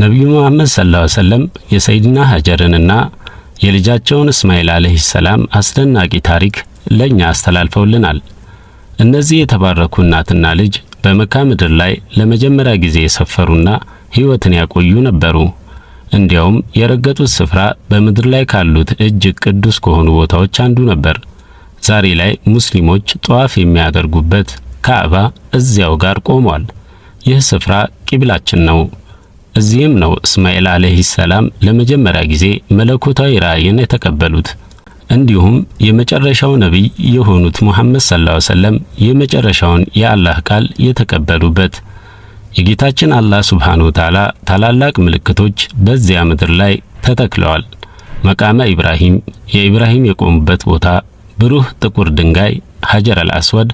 ነቢዩ መሐመድ ሰለላሁ ዐለይሂ ወሰለም የሰይድና ሀጀርንና የልጃቸውን እስማኤል አለይሂ ሰላም አስደናቂ ታሪክ ለእኛ አስተላልፈውልናል። እነዚህ የተባረኩ እናትና ልጅ በመካ ምድር ላይ ለመጀመሪያ ጊዜ የሰፈሩና ሕይወትን ያቆዩ ነበሩ። እንዲያውም የረገጡት ስፍራ በምድር ላይ ካሉት እጅግ ቅዱስ ከሆኑ ቦታዎች አንዱ ነበር። ዛሬ ላይ ሙስሊሞች ጠዋፍ የሚያደርጉበት ካዕባ እዚያው ጋር ቆሟል። ይህ ስፍራ ቂብላችን ነው። እዚህም ነው እስማኤል አለይሂ ሰላም ለመጀመሪያ ጊዜ መለኮታዊ ራእይን የተቀበሉት። እንዲሁም የመጨረሻው ነቢይ የሆኑት ሙሐመድ ሰለላሁ ዐለይሂ ወሰለም የመጨረሻውን የአላህ ቃል የተቀበሉበት። የጌታችን አላህ ሱብሓነሁ ወተዓላ ታላላቅ ምልክቶች በዚያ ምድር ላይ ተተክለዋል። መቃመ ኢብራሂም፣ የኢብራሂም የቆሙበት ቦታ፣ ብሩህ ጥቁር ድንጋይ ሀጀር አልአስወድ፣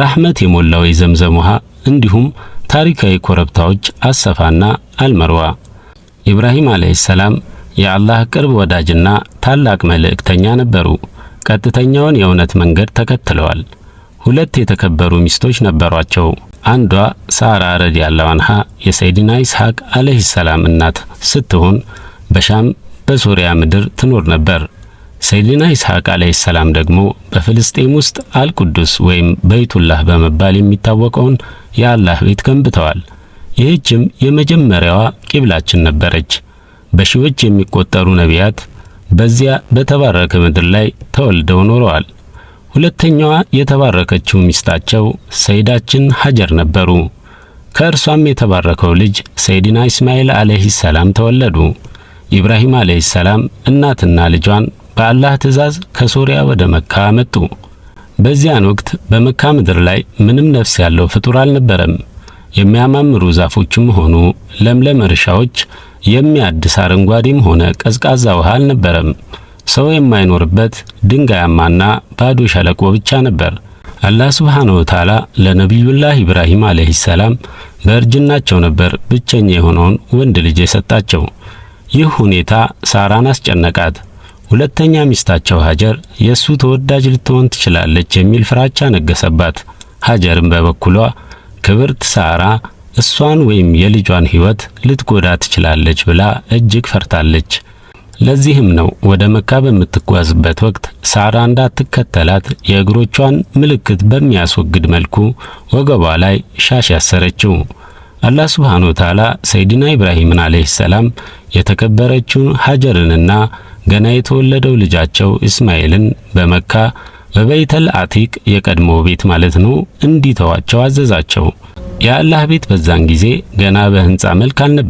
ረህመት የሞላው የዘምዘም ውሃ እንዲሁም ታሪካዊ ኮረብታዎች አሰፋና አልመርዋ። ኢብራሂም አለይሂ ሰላም የአላህ ቅርብ ወዳጅና ታላቅ መልእክተኛ ነበሩ። ቀጥተኛውን የእውነት መንገድ ተከትለዋል። ሁለት የተከበሩ ሚስቶች ነበሯቸው። አንዷ ሳራ ረዲየላሁ አንሃ የሰይድና ኢስሐቅ አለይሂ ሰላም እናት ስትሆን በሻም በሶሪያ ምድር ትኖር ነበር። ሰይድና ይስሐቅ አለይሂ ሰላም ደግሞ በፍልስጤም ውስጥ አልቅዱስ ወይም በይቱላህ በመባል የሚታወቀውን የአላህ ቤት ገንብተዋል። ይህችም የመጀመሪያዋ ቂብላችን ነበረች። በሺዎች የሚቆጠሩ ነቢያት በዚያ በተባረከ ምድር ላይ ተወልደው ኖረዋል። ሁለተኛዋ የተባረከችው ሚስታቸው ሰይዳችን ሀጀር ነበሩ። ከእርሷም የተባረከው ልጅ ሰይድና ኢስማኤል አለይሂ ሰላም ተወለዱ። ኢብራሂም አለይሂ ሰላም እናትና ልጇን በአላህ ትእዛዝ ከሶሪያ ወደ መካ መጡ። በዚያን ወቅት በመካ ምድር ላይ ምንም ነፍስ ያለው ፍጡር አልነበረም። የሚያማምሩ ዛፎችም ሆኑ ለምለም እርሻዎች፣ የሚያድስ አረንጓዴም ሆነ ቀዝቃዛ ውሃ አልነበረም። ሰው የማይኖርበት ድንጋያማና ባዶ ሸለቆ ብቻ ነበር። አላህ ሱብሓነሁ ወተዓላ ለነቢዩላህ ኢብራሂም አለይሂ ሰላም በእርጅናቸው ነበር ብቸኛ የሆነውን ወንድ ልጅ የሰጣቸው። ይህ ሁኔታ ሳራን አስጨነቃት። ሁለተኛ ሚስታቸው ሀጀር የእሱ ተወዳጅ ልትሆን ትችላለች የሚል ፍራቻ ነገሰባት። ሀጀርም በበኩሏ ክብርት ሳራ እሷን ወይም የልጇን ሕይወት ልትጎዳ ትችላለች ብላ እጅግ ፈርታለች። ለዚህም ነው ወደ መካ በምትጓዝበት ወቅት ሳራ እንዳትከተላት የእግሮቿን ምልክት በሚያስወግድ መልኩ ወገቧ ላይ ሻሽ ያሰረችው። አላህ ሱብሓነሁ ወተዓላ ሰይድና ኢብራሂምን ዓለይሂ ሰላም የተከበረችውን ሀጀርንና ገና የተወለደው ልጃቸው እስማኤልን በመካ በበይተል አቲቅ የቀድሞ ቤት ማለት ነው እንዲተዋቸው አዘዛቸው። የአላህ ቤት በዛን ጊዜ ገና በህንፃ መልክ አልነበረ።